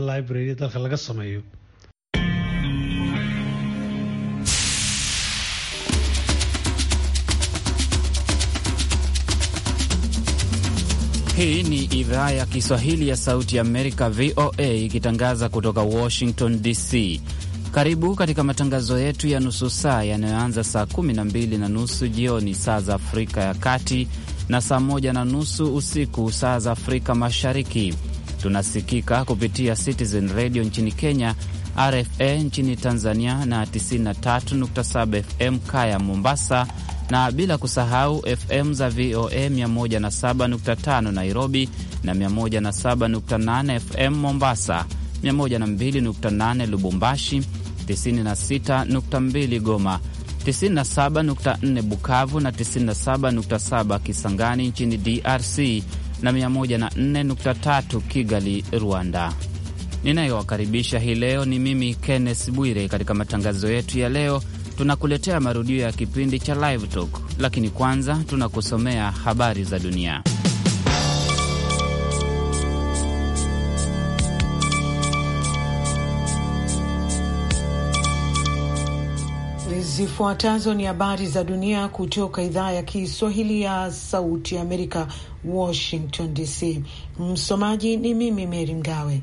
National Library dalka laga sameeyo. Hii ni idhaa ya Kiswahili ya Sauti ya Amerika, VOA, ikitangaza kutoka Washington DC. Karibu katika matangazo yetu ya nusu saa yanayoanza saa 12 na nusu jioni saa za Afrika ya Kati na saa 1 na nusu usiku saa za Afrika Mashariki. Tunasikika kupitia Citizen Radio nchini Kenya, RFA nchini Tanzania na 93.7 FM Kaya Mombasa, na bila kusahau FM za VOA 107.5 Nairobi na 107.8 FM Mombasa, 102.8 Lubumbashi, 96.2 Goma, 97.4 Bukavu na 97.7 Kisangani nchini DRC na 104.3 Kigali, Rwanda. Ninayowakaribisha hii leo ni mimi Kenneth Bwire. Katika matangazo yetu ya leo, tunakuletea marudio ya kipindi cha Live Talk, lakini kwanza tunakusomea habari za dunia. Zifuatazo ni habari za dunia kutoka idhaa ya Kiswahili ya Sauti Amerika, Washington DC. Msomaji ni mimi Meri Mgawe.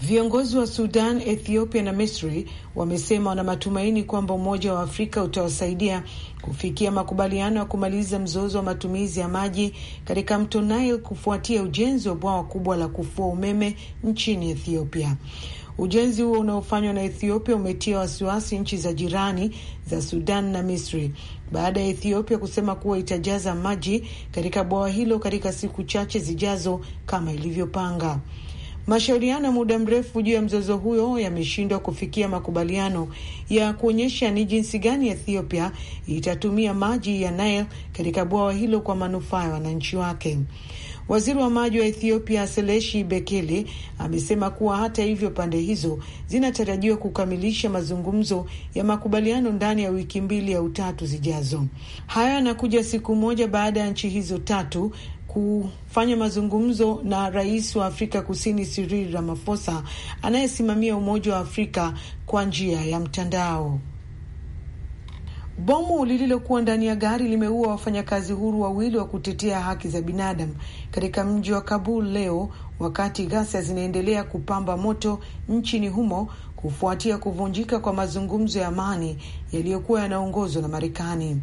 Viongozi wa Sudan, Ethiopia na Misri wamesema wana matumaini kwamba Umoja wa Afrika utawasaidia kufikia makubaliano ya kumaliza mzozo wa matumizi ya maji katika mto Nile kufuatia ujenzi wa bwawa kubwa la kufua umeme nchini Ethiopia. Ujenzi huo unaofanywa na Ethiopia umetia wasiwasi nchi za jirani za Sudan na Misri baada ya Ethiopia kusema kuwa itajaza maji katika bwawa hilo katika siku chache zijazo kama ilivyopanga. Mashauriano ya muda mrefu juu ya mzozo huyo yameshindwa kufikia makubaliano ya kuonyesha ni jinsi gani Ethiopia itatumia maji ya Nile katika bwawa hilo kwa manufaa ya wananchi wake. Waziri wa maji wa Ethiopia Seleshi Bekele amesema kuwa hata hivyo, pande hizo zinatarajiwa kukamilisha mazungumzo ya makubaliano ndani ya wiki mbili au tatu zijazo. Hayo yanakuja siku moja baada ya nchi hizo tatu kufanya mazungumzo na rais wa Afrika Kusini Cyril Ramaphosa anayesimamia Umoja wa Afrika kwa njia ya mtandao. Bomu lililokuwa ndani ya gari limeua wafanyakazi huru wawili wa kutetea haki za binadamu katika mji wa Kabul leo, wakati ghasia zinaendelea kupamba moto nchini humo kufuatia kuvunjika kwa mazungumzo ya amani yaliyokuwa yanaongozwa na Marekani.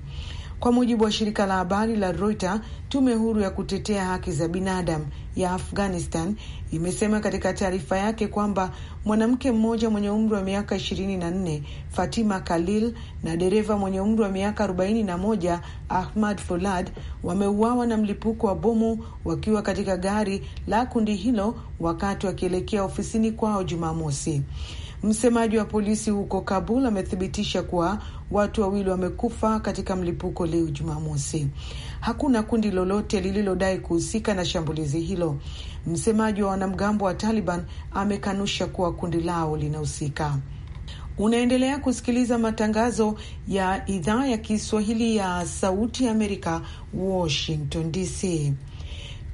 Kwa mujibu wa shirika la habari la Reuters, tume huru ya kutetea haki za binadamu ya Afghanistan imesema katika taarifa yake kwamba mwanamke mmoja mwenye umri wa miaka 24 Fatima Khalil na dereva mwenye umri wa miaka 41 Ahmad Folad wameuawa na mlipuko wa bomu wakiwa katika gari la kundi hilo wakati wakielekea ofisini kwao Jumamosi. Msemaji wa polisi huko Kabul amethibitisha kuwa watu wawili wamekufa katika mlipuko leo Jumamosi. Hakuna kundi lolote lililodai kuhusika na shambulizi hilo. Msemaji wa wanamgambo wa Taliban amekanusha kuwa kundi lao linahusika. Unaendelea kusikiliza matangazo ya idhaa ya Kiswahili ya Sauti ya Amerika, Washington DC.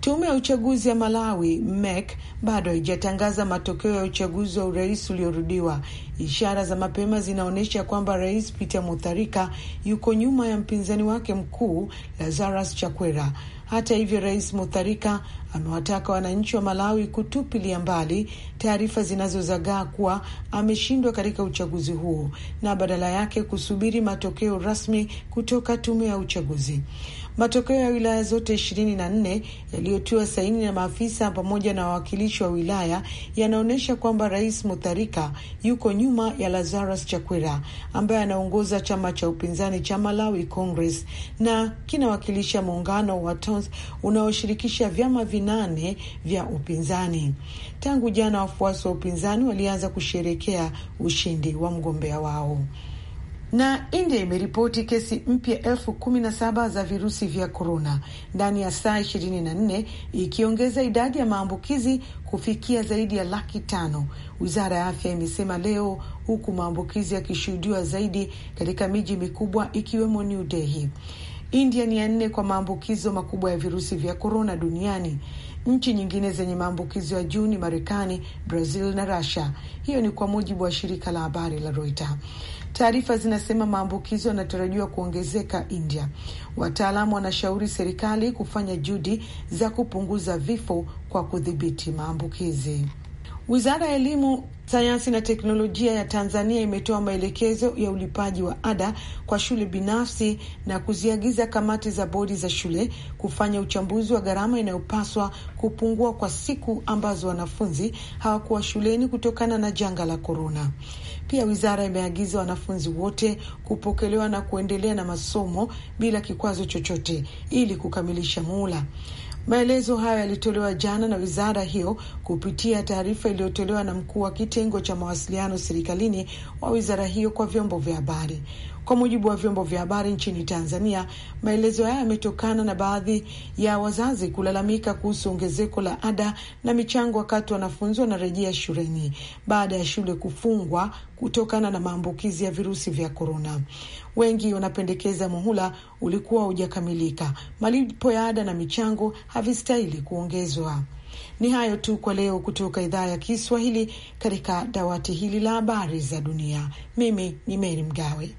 Tume ya uchaguzi ya Malawi MEC bado haijatangaza matokeo ya uchaguzi wa urais uliorudiwa. Ishara za mapema zinaonyesha kwamba Rais Peter Mutharika yuko nyuma ya mpinzani wake mkuu Lazarus Chakwera. Hata hivyo, Rais Mutharika amewataka wananchi wa Malawi kutupilia mbali taarifa zinazozagaa kuwa ameshindwa katika uchaguzi huo na badala yake kusubiri matokeo rasmi kutoka tume ya uchaguzi. Matokeo ya wilaya zote ishirini na nne yaliyotiwa saini na maafisa pamoja na wawakilishi wa wilaya yanaonyesha kwamba Rais Mutharika yuko nyuma ya Lazarus Chakwera ambaye anaongoza chama cha upinzani cha Malawi Congress na kinawakilisha muungano wa Tons unaoshirikisha vyama vinane vya upinzani. Tangu jana wafuasi wa upinzani walianza kusherekea ushindi wa mgombea wao. Na India imeripoti kesi mpya elfu kumi na saba za virusi vya korona ndani ya saa nne ikiongeza idadi ya maambukizi kufikia zaidi ya laki tano, wizara ya afya imesema leo, huku maambukizi yakishuhudiwa zaidi katika miji mikubwa ikiwemo New Delhi. India ni ya nne kwa maambukizo makubwa ya virusi vya korona duniani. Nchi nyingine zenye maambukizo ya juu ni Marekani, Brazil na Russia. Hiyo ni kwa mujibu wa shirika la habari la Reuters. Taarifa zinasema maambukizo yanatarajiwa kuongezeka India. Wataalamu wanashauri serikali kufanya juhudi za kupunguza vifo kwa kudhibiti maambukizi. Wizara ya Elimu, Sayansi na Teknolojia ya Tanzania imetoa maelekezo ya ulipaji wa ada kwa shule binafsi na kuziagiza kamati za bodi za shule kufanya uchambuzi wa gharama inayopaswa kupungua kwa siku ambazo wanafunzi hawakuwa shuleni kutokana na janga la korona. Pia wizara imeagiza wanafunzi wote kupokelewa na kuendelea na masomo bila kikwazo chochote ili kukamilisha muhula. Maelezo hayo yalitolewa jana na wizara hiyo kupitia taarifa iliyotolewa na mkuu wa kitengo cha mawasiliano serikalini wa wizara hiyo kwa vyombo vya habari. Kwa mujibu wa vyombo vya habari nchini Tanzania, maelezo hayo yametokana na baadhi ya wazazi kulalamika kuhusu ongezeko la ada na michango wakati wanafunzi wanarejea shuleni baada ya shule kufungwa kutokana na maambukizi ya virusi vya korona. Wengi wanapendekeza muhula ulikuwa ujakamilika malipo ya ada na michango havistahili kuongezwa. Ni hayo tu kwa leo kutoka idhaa ya Kiswahili katika dawati hili la habari za dunia. Mimi ni Meri Mgawe.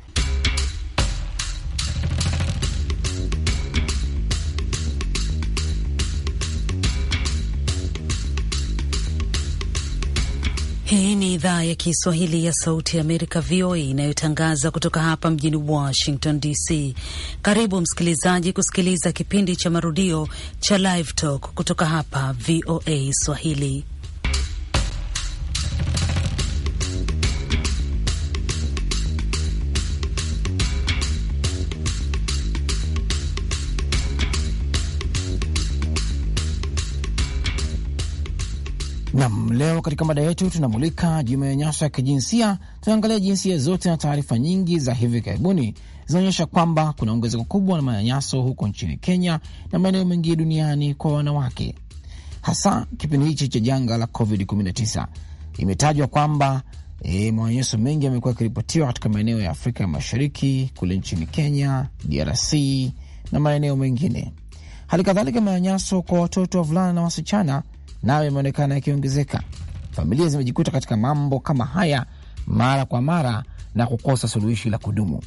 Hii ni idhaa ya Kiswahili ya Sauti ya Amerika, VOA, inayotangaza kutoka hapa mjini Washington DC. Karibu msikilizaji kusikiliza kipindi cha marudio cha Live Talk kutoka hapa VOA Swahili. Leo katika mada yetu tunamulika juu manyanyaso ya kijinsia. Tunaangalia jinsia zote na taarifa nyingi za hivi karibuni zinaonyesha kwamba kuna ongezeko kubwa la manyanyaso huko nchini Kenya na maeneo mengine duniani kwa wanawake, hasa kipindi hichi cha janga la COVID-19. Imetajwa kwamba e, manyanyaso mengi yamekuwa yakiripotiwa katika maeneo ya Afrika ya Mashariki, kule nchini Kenya, DRC na maeneo mengine. Hali kadhalika manyanyaso kwa watoto wavulana na wasichana nayo imeonekana yakiongezeka. Familia zimejikuta katika mambo kama haya mara kwa mara na kukosa suluhishi la kudumu.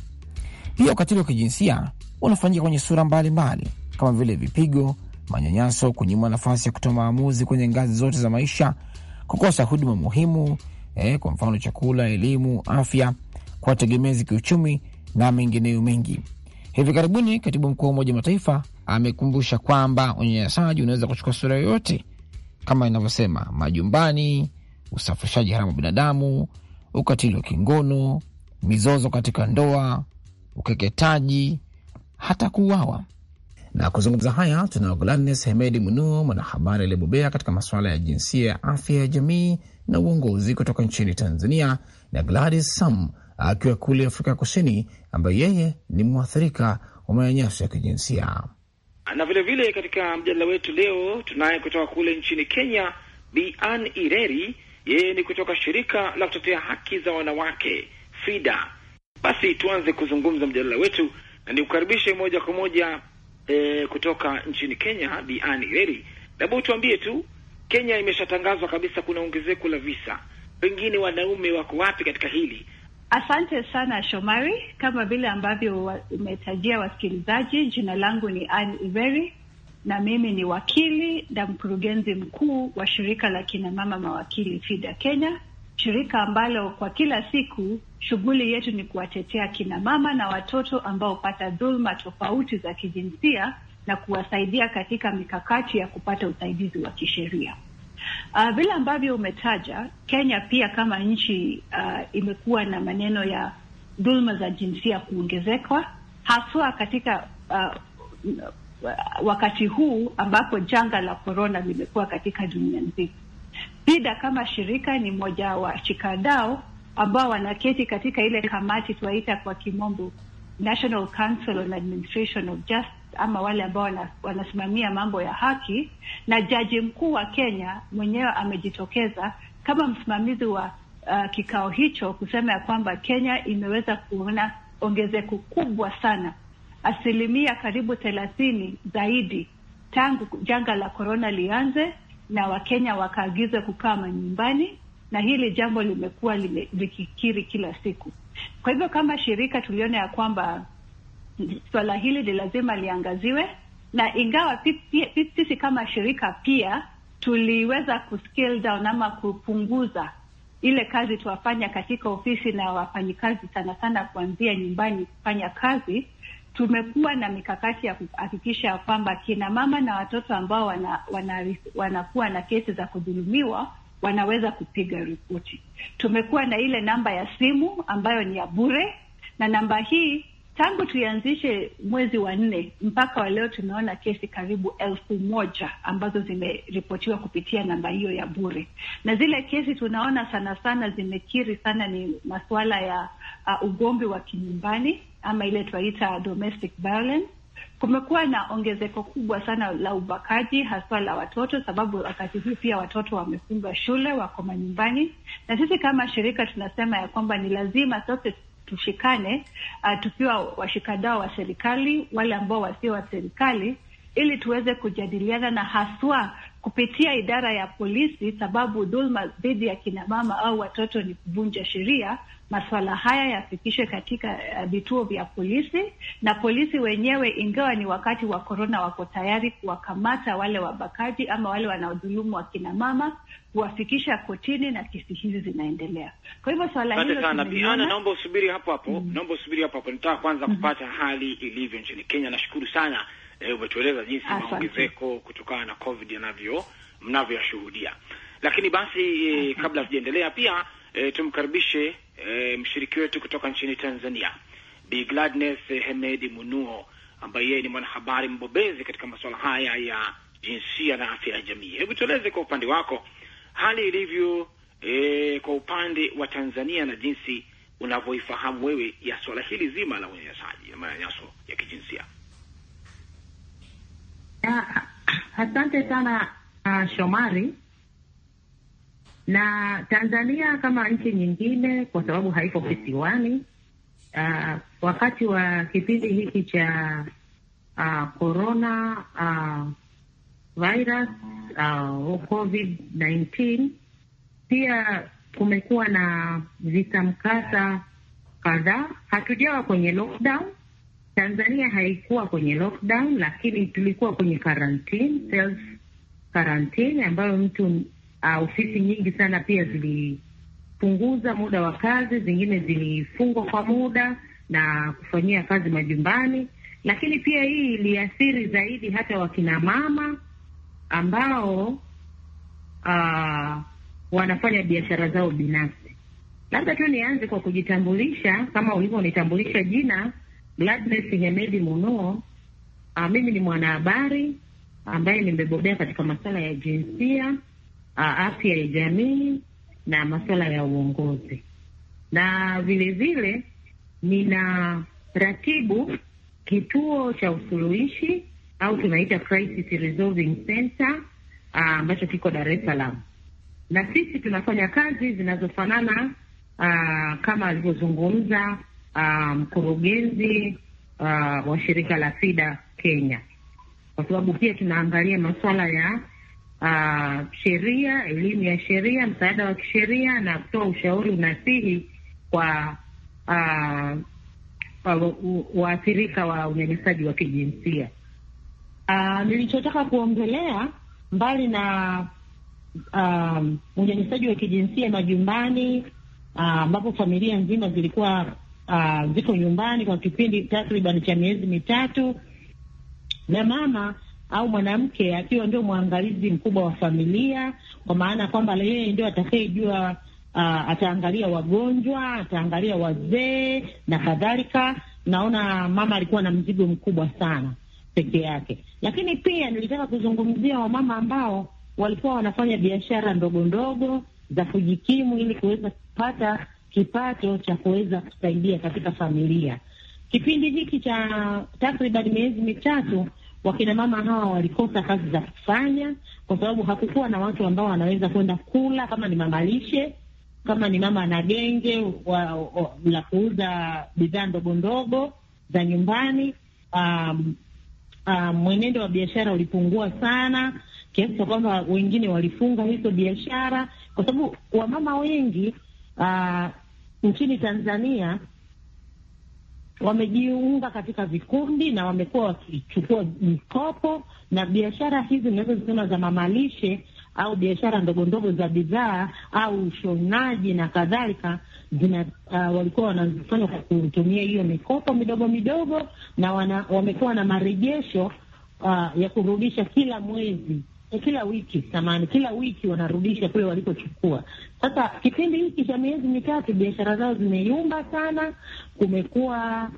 Pia ukatili wa kijinsia unafanyika kwenye sura mbalimbali mbali, kama vile vipigo, manyanyaso, kunyimwa nafasi ya kutoa maamuzi kwenye ngazi zote za maisha, kukosa huduma muhimu eh, kwa mfano chakula, elimu, afya, kwa tegemezi kiuchumi na mengineyo mengi. Hivi karibuni katibu mkuu wa Umoja Mataifa amekumbusha kwamba unyanyasaji unaweza kuchukua sura yoyote kama inavyosema majumbani, usafirishaji haramu wa binadamu, ukatili wa kingono, mizozo katika ndoa, ukeketaji, hata kuuawa. Na kuzungumza haya tunao Gladness Hemedi Munu, mwanahabari aliyebobea katika masuala ya jinsia ya afya ya jamii na uongozi kutoka nchini Tanzania, na Gladys Sam akiwa kule Afrika Kusini, ambaye yeye ni mwathirika wa manyanyaso ya kijinsia na vilevile vile katika mjadala wetu leo tunaye kutoka kule nchini Kenya, Bi Ann Ireri. Yeye ni kutoka shirika la kutetea haki za wanawake FIDA. Basi tuanze kuzungumza mjadala wetu na nikukaribishe moja kwa moja e, kutoka nchini Kenya, Bi Ann Ireri, labda tuambie tu, Kenya imeshatangazwa kabisa kuna ongezeko la visa, pengine wanaume wako wapi katika hili Asante sana Shomari. Kama vile ambavyo umetajia wasikilizaji, jina langu ni an Iveri na mimi ni wakili na mkurugenzi mkuu wa shirika la kinamama mawakili FIDA Kenya, shirika ambalo kwa kila siku shughuli yetu ni kuwatetea kinamama na watoto ambao hupata dhuluma tofauti za kijinsia na kuwasaidia katika mikakati ya kupata usaidizi wa kisheria. Uh, vile ambavyo umetaja Kenya pia kama nchi uh, imekuwa na maneno ya dhuluma za jinsia kuongezekwa haswa katika uh, wakati huu ambapo janga la korona limekuwa katika dunia nzima. PIDA kama shirika ni mmoja wa chikadao ambao wanaketi katika ile kamati tuwaita kwa kimombo National Council on Administration of Justice ama wale ambao wanasimamia mambo ya haki, na jaji mkuu wa Kenya mwenyewe amejitokeza kama msimamizi wa uh, kikao hicho kusema ya kwamba Kenya imeweza kuona ongezeko kubwa sana, asilimia karibu thelathini zaidi tangu janga la korona lianze, na Wakenya wakaagizwa kukaa manyumbani, na hili jambo limekuwa likikiri kila siku. Kwa hivyo kama shirika tuliona ya kwamba swala hili ni lazima liangaziwe, na ingawa sisi kama shirika pia tuliweza kuscale down ama kupunguza ile kazi tuwafanya katika ofisi na wafanyikazi sana sana kuanzia nyumbani kufanya kazi. Tumekuwa na mikakati ya kuhakikisha kwamba kina mama na watoto ambao wana, wana, wanakuwa na kesi za kudhulumiwa wanaweza kupiga ripoti. Tumekuwa na ile namba ya simu ambayo ni ya bure, na namba hii tangu tuianzishe mwezi wa nne mpaka wa leo tumeona kesi karibu elfu moja ambazo zimeripotiwa kupitia namba hiyo ya bure, na zile kesi tunaona sana sana zimekiri sana ni masuala ya uh, ugomvi wa kinyumbani ama ile tunaita domestic violence. Kumekuwa na ongezeko kubwa sana la ubakaji haswa la watoto, sababu wakati huu pia watoto wamefunga shule, wako manyumbani, na sisi kama shirika tunasema ya kwamba ni lazima sote tushikane uh, tukiwa washikadao wa serikali, wale ambao wasio wa serikali, ili tuweze kujadiliana na haswa kupitia idara ya polisi, sababu dhulma dhidi ya kinamama au watoto ni kuvunja sheria. Maswala haya yafikishwe katika eh, vituo vya polisi, na polisi wenyewe, ingawa ni wakati wa korona, wako tayari kuwakamata wale wabakaji ama wale wanaodhulumu wa kinamama, kuwafikisha kotini, na kesi hizi zinaendelea. Kwa hivyo swala hilo sana. Biana, naomba usubiri hapo hapo, mm. naomba usubiri hapo hapo, nitaka kwanza mm-hmm. kupata hali ilivyo nchini Kenya. Nashukuru sana eh, umetueleza jinsi maongezeko kutokana na COVID yanavyo mnavyoyashuhudia. Lakini basi eh, kabla sijaendelea pia eh, tumkaribishe eh, mshiriki wetu kutoka nchini Tanzania Bi Gladness Hemedi Munuo ambaye yeye ni mwanahabari mbobezi katika masuala haya ya jinsia na afya ya jamii. Hebu tueleze kwa upande wako hali ilivyo e, kwa upande wa Tanzania na jinsi unavyoifahamu wewe ya swala hili zima la unyanyasaji na manyanyaso ya kijinsia asante sana uh, Shomari. Na Tanzania kama nchi nyingine, kwa sababu haiko kisiwani uh, wakati wa kipindi hiki cha ah, corona uh, uh, virus uh, COVID-19 pia kumekuwa na visa mkasa kadhaa. Hatujawa kwenye lockdown Tanzania haikuwa kwenye lockdown, lakini tulikuwa kwenye quarantine, self quarantine ambayo mtu uh, ofisi nyingi sana pia zilipunguza muda wa kazi, zingine zilifungwa kwa muda na kufanyia kazi majumbani. Lakini pia hii iliathiri zaidi hata wakina mama ambao uh, wanafanya biashara zao binafsi. Labda tu nianze kwa kujitambulisha kama ulivyonitambulisha jina Gladness Hemedi Munuo. Uh, ah, mimi ni mwanahabari ambaye nimebobea katika masuala ya jinsia, uh, afya ya jamii na masuala ya uongozi, na vilevile nina ratibu kituo cha usuluhishi au tunaita crisis resolving center ah, ambacho uh, kiko Dar es Salaam, na sisi tunafanya kazi zinazofanana uh, kama alivyozungumza Um, mkurugenzi um, uh, wa shirika la FIDA Kenya, kwa sababu pia tunaangalia masuala ya uh, sheria, elimu ya sheria, msaada wa kisheria na kutoa ushauri unasihi kwa uh, waathirika wa unyanyasaji wa kijinsia. Uh, nilichotaka kuongelea mbali na um, unyanyasaji wa kijinsia majumbani uh, ambapo uh, familia nzima zilikuwa uh, nyumbani kwa kipindi takriban cha miezi mitatu, na mama au mwanamke akiwa ndio mwangalizi mkubwa wa familia, kwa maana kwamba yeye ndio atakayejua Uh, ataangalia wagonjwa, ataangalia wazee na kadhalika. Naona mama alikuwa na mzigo mkubwa sana peke yake, lakini pia nilitaka kuzungumzia wamama ambao walikuwa wanafanya biashara ndogo ndogo za kujikimu ili kuweza kupata kipato cha kuweza kusaidia katika familia. Kipindi hiki cha takriban miezi mitatu, wakina mama hawa walikosa kazi za kufanya, kwa sababu hakukuwa na watu ambao wanaweza kwenda kula, kama ni mama lishe, kama ni mama na genge la kuuza bidhaa ndogo ndogo za nyumbani. Um, um, mwenendo wa biashara ulipungua sana kiasi cha kwamba wengine walifunga hizo biashara, kwa sababu wamama wengi uh, nchini Tanzania wamejiunga katika vikundi na wamekuwa wakichukua mikopo na biashara hizi inaweza zisema za mamalishe au biashara ndogo ndogo za bidhaa au ushonaji na kadhalika zina uh, walikuwa wanazifanya kwa kutumia hiyo mikopo midogo midogo, na wamekuwa na marejesho uh, ya kurudisha kila mwezi kila wiki samani, kila wiki wanarudisha kule walikochukua. Sasa kipindi hiki cha miezi mitatu biashara zao zimeyumba sana, kumekuwa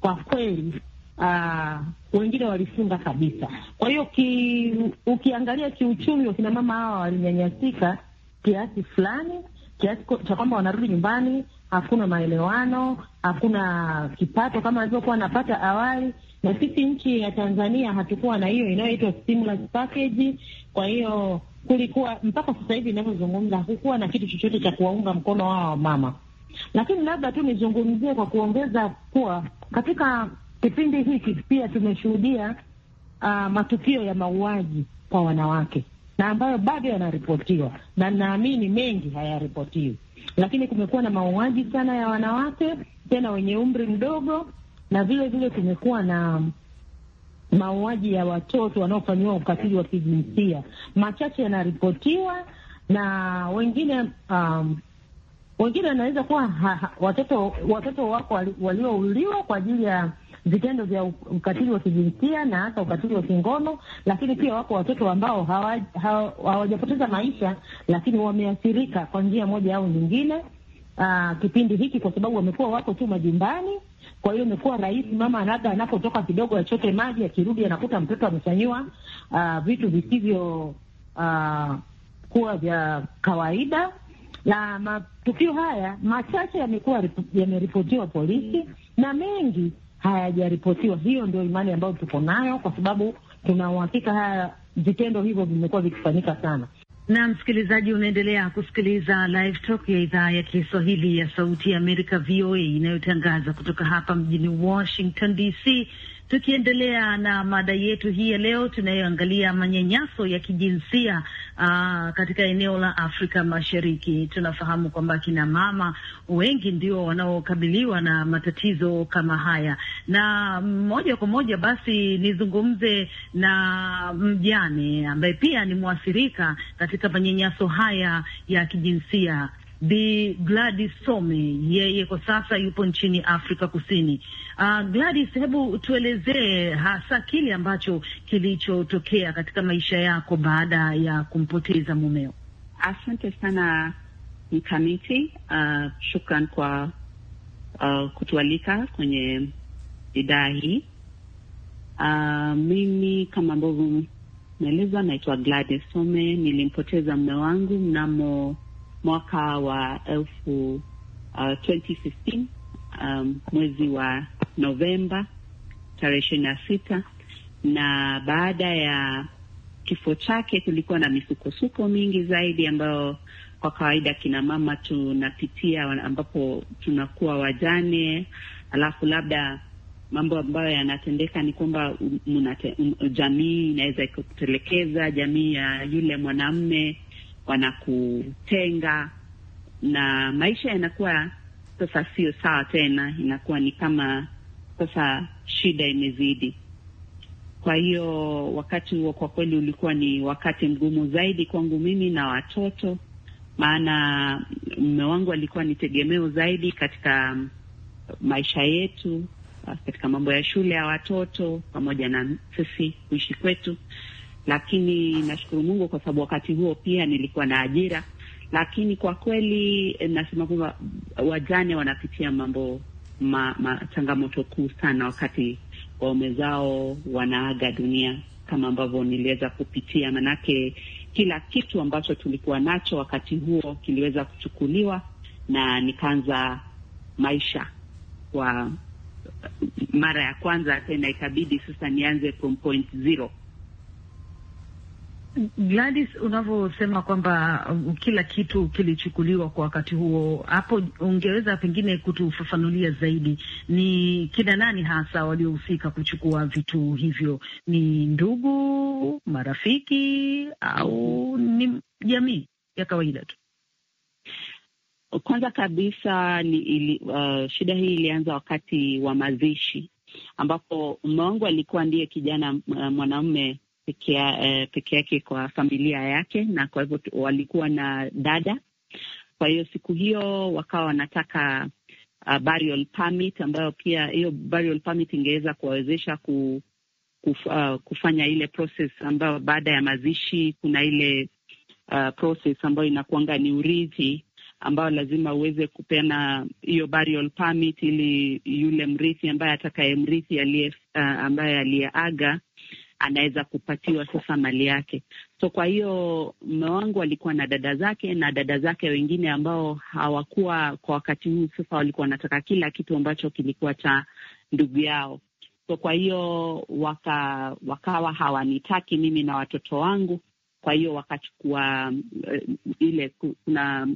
kwa kweli Uh, wengine walifunga kabisa. Kwa hiyo ki, ukiangalia kiuchumi wakina mama hawa walinyanyasika kiasi fulani, kiasi cha kwamba wanarudi nyumbani, hakuna maelewano, hakuna kipato kama alivyokuwa anapata awali na sisi nchi ya Tanzania hatukuwa na hiyo inayoitwa stimulus package. Kwa hiyo kulikuwa mpaka sasa hivi inavyozungumza, hakukuwa na kitu chochote cha kuwaunga mkono hawa wamama, lakini labda tu nizungumzie kwa kuongeza kuwa katika kipindi hiki pia tumeshuhudia uh, matukio ya mauaji kwa wanawake na ambayo bado yanaripotiwa na naamini mengi hayaripotiwi, lakini kumekuwa na mauaji sana ya wanawake, tena wenye umri mdogo na vile vile kumekuwa na mauaji ya watoto wanaofanyiwa ukatili wa kijinsia. Machache yanaripotiwa na wengine um, wengine wanaweza kuwa ha, ha, watoto watoto wako waliouliwa kwa ajili ya vitendo vya ukatili wa kijinsia na hata ukatili wa kingono, lakini pia wako watoto ambao hawajapoteza hawa, maisha lakini wameathirika kwa njia moja au nyingine, uh, kipindi hiki kwa sababu wamekuwa wako tu majumbani kwa hiyo imekuwa rahisi, mama labda anapotoka kidogo achote maji, akirudi anakuta mtoto amefanyiwa uh, vitu visivyo uh, kuwa vya kawaida. Na matukio haya machache yamekuwa yameripotiwa polisi na mengi hayajaripotiwa. Hiyo ndio imani ambayo tuko nayo, kwa sababu tunauhakika haya vitendo hivyo vimekuwa vikifanyika sana na msikilizaji, unaendelea kusikiliza Live Talk ya idhaa ya Kiswahili ya Sauti ya Amerika, VOA, inayotangaza kutoka hapa mjini Washington DC. Tukiendelea na mada yetu hii ya leo tunayoangalia manyanyaso ya kijinsia aa, ah, katika eneo la Afrika Mashariki. Tunafahamu kwamba kina mama wengi ndio wanaokabiliwa na matatizo kama haya, na moja kwa moja basi nizungumze na mjane ambaye pia ni mwathirika katika manyanyaso haya ya kijinsia Bi Gladys Some, yeye kwa sasa yupo nchini Afrika Kusini. Uh, Gladys, hebu tuelezee hasa kile ambacho kilichotokea katika maisha yako baada ya kumpoteza mumeo. Asante sana Mkamiti. Uh, shukran kwa uh, kutualika kwenye idhaa hii. Uh, mimi kama ambavyo naeleza, naitwa Gladys Some, nilimpoteza mume wangu mnamo mwaka wa elfu uh, 2015 um, mwezi wa Novemba tarehe ishirini na sita na baada ya kifo chake kulikuwa na misukosuko mingi zaidi ambayo kwa kawaida kina mama tunapitia, ambapo tunakuwa wajane, alafu labda mambo ambayo yanatendeka ni kwamba jamii inaweza ikatelekeza jamii ya yule mwanamme wanakutenga na maisha yanakuwa sasa sio sawa tena, inakuwa ni kama sasa shida imezidi. Kwa hiyo wakati huo kwa kweli ulikuwa ni wakati mgumu zaidi kwangu mimi na watoto, maana mume wangu alikuwa ni tegemeo zaidi katika maisha yetu, katika mambo ya shule ya watoto pamoja na sisi kuishi kwetu lakini nashukuru Mungu kwa sababu wakati huo pia nilikuwa na ajira. Lakini kwa kweli eh, nasema kwamba wajane wanapitia mambo ma, ma, changamoto kuu sana wakati waume zao wanaaga dunia kama ambavyo niliweza kupitia, manake kila kitu ambacho tulikuwa nacho wakati huo kiliweza kuchukuliwa na nikaanza maisha kwa eh, mara ya kwanza tena, ikabidi sasa nianze from point zero Gladys, unavyosema kwamba um, kila kitu kilichukuliwa kwa wakati huo, hapo ungeweza pengine kutufafanulia zaidi, ni kina nani hasa waliohusika kuchukua vitu hivyo? Ni ndugu, marafiki, au ni jamii ya kawaida tu? Kwanza kabisa ni ili, uh, shida hii ilianza wakati wa mazishi ambapo mume wangu alikuwa ndiye kijana uh, mwanaume Eh, peke yake kwa familia yake, na kwa hivyo walikuwa na dada. Kwa hiyo siku hiyo wakawa wanataka uh, burial permit, ambayo pia hiyo burial permit ingeweza kuwawezesha ku, kuf, uh, ah, kufanya ile process ambayo baada ya mazishi kuna ile uh, process ambayo inakuanga ni urithi ambayo lazima uweze kupeana hiyo burial permit ili yule mrithi ambaye atakayemrithi ambaye aliyeaga anaweza kupatiwa sasa mali yake. So kwa hiyo mume wangu alikuwa na dada zake na dada zake wengine ambao hawakuwa kwa wakati huu, sasa walikuwa wanataka kila kitu ambacho kilikuwa cha ndugu yao. So kwa hiyo waka, wakawa hawanitaki mimi na watoto wangu, kwa hiyo wakachukua eh, ile kuna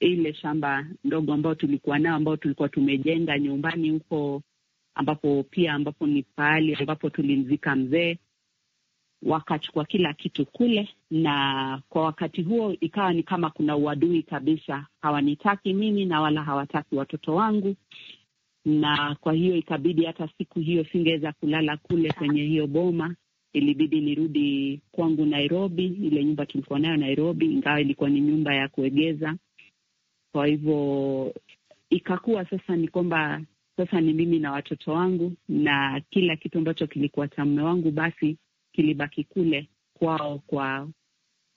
ile shamba ndogo ambayo tulikuwa nao ambao tulikuwa tumejenga nyumbani huko ambapo pia ambapo ni pahali ambapo tulimzika mzee wakachukua kila kitu kule, na kwa wakati huo ikawa ni kama kuna uadui kabisa. Hawanitaki mimi na wala hawataki watoto wangu, na kwa hiyo ikabidi, hata siku hiyo singeweza kulala kule kwenye hiyo boma, ilibidi nirudi kwangu Nairobi, ile nyumba tulikuwa nayo Nairobi, ingawa ilikuwa ni nyumba ya kuegeza. Kwa hivyo ikakuwa sasa ni kwamba sasa ni mimi na watoto wangu na kila kitu ambacho kilikuwa cha mume wangu, basi kilibaki kule kwao kwa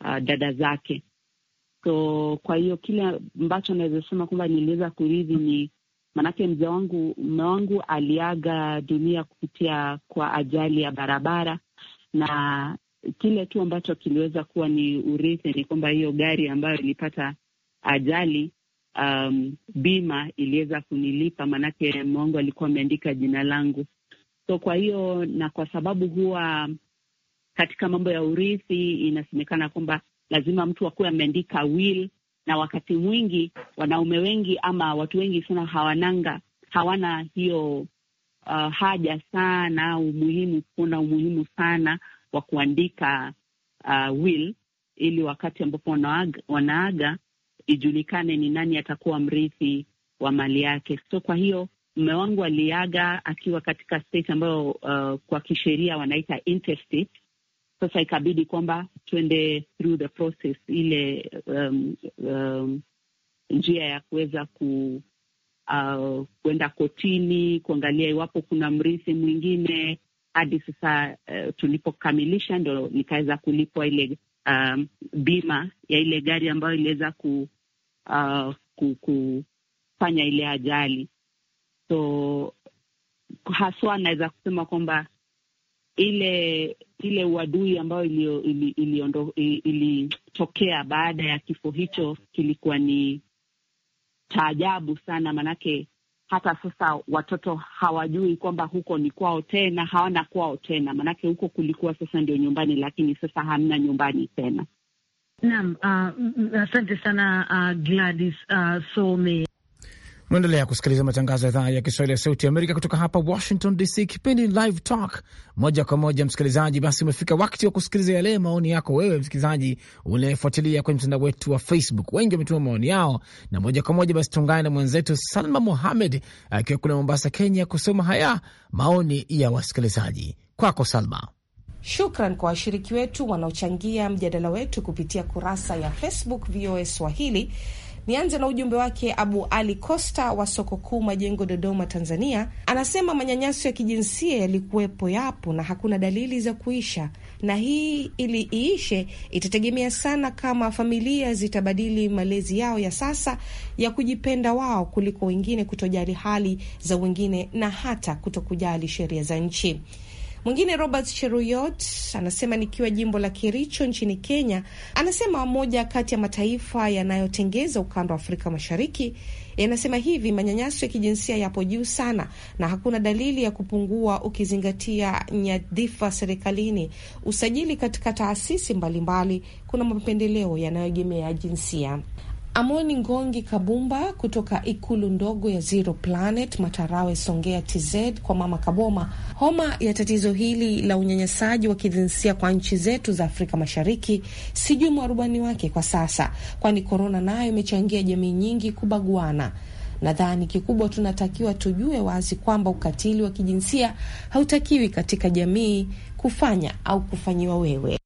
uh, dada zake. So kwa hiyo kile ambacho naweza sema kwamba niliweza kurithi ni maanake, mzee wangu mume wangu aliaga dunia kupitia kwa ajali ya barabara, na kile tu ambacho kiliweza kuwa ni urithi ni kwamba hiyo gari ambayo ilipata ajali um, bima iliweza kunilipa, maanake mume wangu alikuwa ameandika jina langu. So kwa hiyo na kwa sababu huwa katika mambo ya urithi inasemekana kwamba lazima mtu akuwe ameandika will, na wakati mwingi wanaume wengi ama watu wengi sana hawananga hawana hiyo uh, haja sana umuhimu kuna umuhimu sana wa kuandika uh, will ili wakati ambapo wanaaga, wanaaga ijulikane ni nani atakuwa mrithi wa mali yake. So kwa hiyo mme wangu aliaga akiwa katika state ambayo uh, kwa kisheria wanaita intestate sasa ikabidi kwamba tuende through the process ile um, um, njia ya kuweza ku uh, kuenda kotini kuangalia iwapo kuna mrithi mwingine. Hadi sasa uh, tulipokamilisha ndo nikaweza kulipwa ile um, bima ya ile gari ambayo iliweza ku, uh, ku, kufanya ile ajali. So haswa naweza kusema kwamba ile ile uadui ambayo ilitokea baada ya kifo hicho kilikuwa ni taajabu sana, manake hata sasa watoto hawajui kwamba huko ni kwao tena, hawana kwao tena, manake huko kulikuwa sasa ndio nyumbani, lakini sasa hamna nyumbani tena. Naam, ah, asante uh, sana uh, Gladys uh, ah, Some. Mnaendelea kusikiliza matangazo ya idhaa ya Kiswahili ya Sauti ya Amerika kutoka hapa Washington DC, kipindi Live Talk moja kwa moja. Msikilizaji, basi umefika wakati wa kusikiliza yale maoni yako wewe msikilizaji unayefuatilia kwenye mtandao wetu wa Facebook. Wengi wametuma maoni yao, na moja kwa moja basi tuungane na mwenzetu Salma Muhamed akiwa kule Mombasa, Kenya, kusoma haya maoni ya wasikilizaji. Kwako Salma. Shukran kwa washiriki wetu wanaochangia mjadala wetu kupitia kurasa ya Facebook VOA Swahili. Nianze na ujumbe wake Abu Ali Costa wa soko kuu Majengo, Dodoma, Tanzania. Anasema manyanyaso ya kijinsia yalikuwepo, yapo na hakuna dalili za kuisha, na hii ili iishe itategemea sana kama familia zitabadili malezi yao ya sasa ya kujipenda wao kuliko wengine, kutojali hali za wengine na hata kutokujali sheria za nchi. Mwingine Robert Cheruyot anasema nikiwa jimbo la Kericho nchini Kenya, anasema moja kati ya mataifa yanayotengeza ukanda wa Afrika Mashariki yanasema hivi, manyanyaso ya kijinsia yapo juu sana na hakuna dalili ya kupungua, ukizingatia nyadhifa serikalini, usajili katika taasisi mbalimbali, kuna mapendeleo yanayoegemea jinsia. Amoni Ngongi Kabumba kutoka ikulu ndogo ya Zero Planet Matarawe, Songea, TZ kwa Mama Kaboma, homa ya tatizo hili la unyanyasaji wa kijinsia kwa nchi zetu za Afrika Mashariki sijui mwarubani wake kwa sasa, kwani korona nayo imechangia jamii nyingi kubaguana. Nadhani kikubwa tunatakiwa tujue wazi kwamba ukatili wa kijinsia hautakiwi katika jamii kufanya au kufanyiwa wewe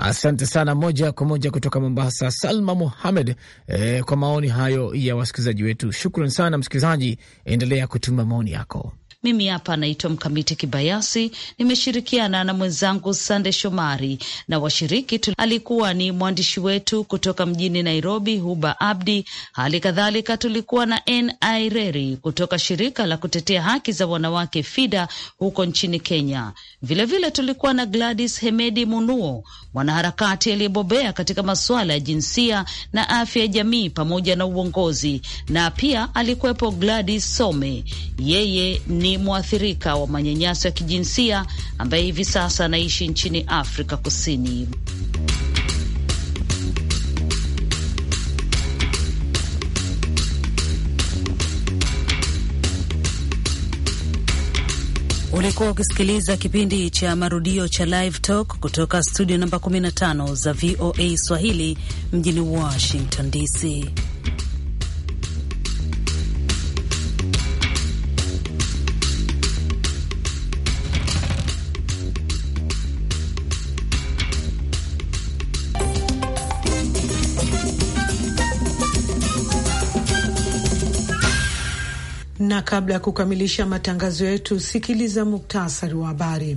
Asante sana, moja kwa moja kutoka Mombasa, Salma Muhamed eh, kwa maoni hayo ya wasikilizaji wetu. Shukran sana msikilizaji, endelea kutuma maoni yako. Mimi hapa naitwa Mkamiti Kibayasi, nimeshirikiana na mwenzangu Sande Shomari na washiriki tu alikuwa ni mwandishi wetu kutoka mjini Nairobi, Huba Abdi. Hali kadhalika tulikuwa na Ni Reri kutoka shirika la kutetea haki za wanawake FIDA huko nchini Kenya. Vilevile vile tulikuwa na Gladys Hemedi Munuo, mwanaharakati aliyebobea katika masuala ya jinsia na afya ya jamii pamoja na uongozi, na pia alikuwepo Gladys Some, yeye ni ni mwathirika wa manyanyaso ya kijinsia ambaye hivi sasa anaishi nchini Afrika Kusini. Ulikuwa ukisikiliza kipindi cha marudio cha Live Talk kutoka studio namba 15 za VOA Swahili mjini Washington DC. Na kabla ya kukamilisha matangazo yetu, sikiliza muktasari wa habari.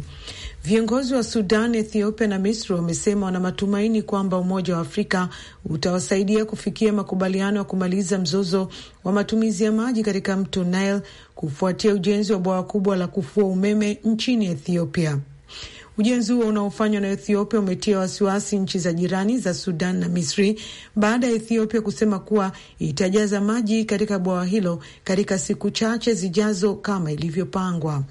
Viongozi wa Sudan, Ethiopia na Misri wamesema wana matumaini kwamba Umoja wa Afrika utawasaidia kufikia makubaliano ya kumaliza mzozo wa matumizi ya maji katika mto Nile kufuatia ujenzi wa bwawa kubwa la kufua umeme nchini Ethiopia. Ujenzi huo unaofanywa na Ethiopia umetia wasiwasi nchi za jirani za Sudan na Misri baada ya Ethiopia kusema kuwa itajaza maji katika bwawa hilo katika siku chache zijazo kama ilivyopangwa.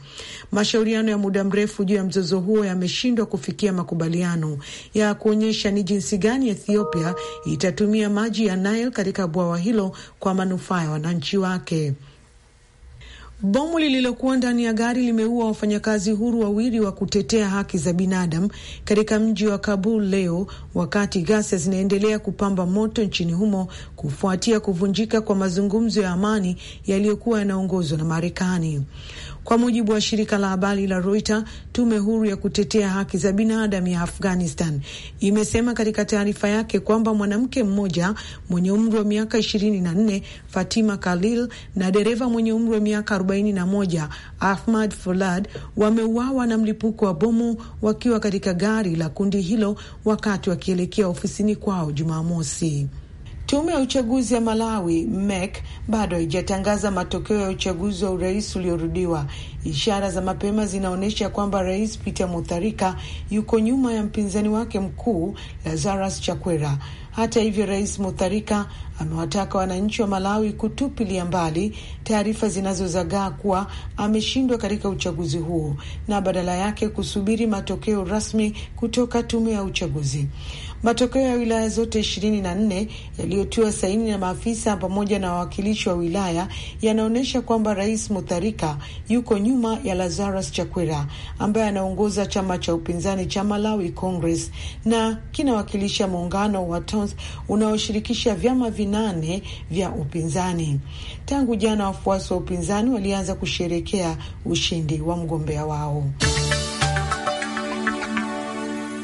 Mashauriano ya muda mrefu juu ya mzozo huo yameshindwa kufikia makubaliano ya kuonyesha ni jinsi gani Ethiopia itatumia maji ya Nile katika bwawa hilo kwa manufaa ya wananchi wake. Bomu lililokuwa ndani ya gari limeua wafanyakazi huru wawili wa kutetea haki za binadamu katika mji wa Kabul leo, wakati ghasia zinaendelea kupamba moto nchini humo kufuatia kuvunjika kwa mazungumzo ya amani yaliyokuwa yanaongozwa na Marekani. Kwa mujibu wa shirika la habari la Reuters, tume huru ya kutetea haki za binadamu ya Afghanistan imesema katika taarifa yake kwamba mwanamke mmoja mwenye umri wa miaka 24 Fatima Khalil na dereva mwenye umri wa miaka 41 Ahmad Folad wameuawa na mlipuko wa bomu wakiwa katika gari la kundi hilo wakati wakielekea ofisini kwao Jumamosi. Tume ya uchaguzi ya Malawi MEC bado haijatangaza matokeo ya uchaguzi wa urais uliorudiwa. Ishara za mapema zinaonyesha kwamba Rais Peter Mutharika yuko nyuma ya mpinzani wake mkuu Lazarus Chakwera. Hata hivyo, Rais Mutharika amewataka wananchi wa Malawi kutupilia mbali taarifa zinazozagaa kuwa ameshindwa katika uchaguzi huo na badala yake kusubiri matokeo rasmi kutoka tume ya uchaguzi. Matokeo ya wilaya zote ishirini na nne yaliyotiwa saini na maafisa pamoja na wawakilishi wa wilaya yanaonyesha kwamba Rais Mutharika yuko nyuma ya Lazarus Chakwera ambaye anaongoza chama cha upinzani cha Malawi Congress na kinawakilisha muungano wa Tons unaoshirikisha vyama vinane vya upinzani. Tangu jana wafuasi wa upinzani walianza kusherekea ushindi wa mgombea wao.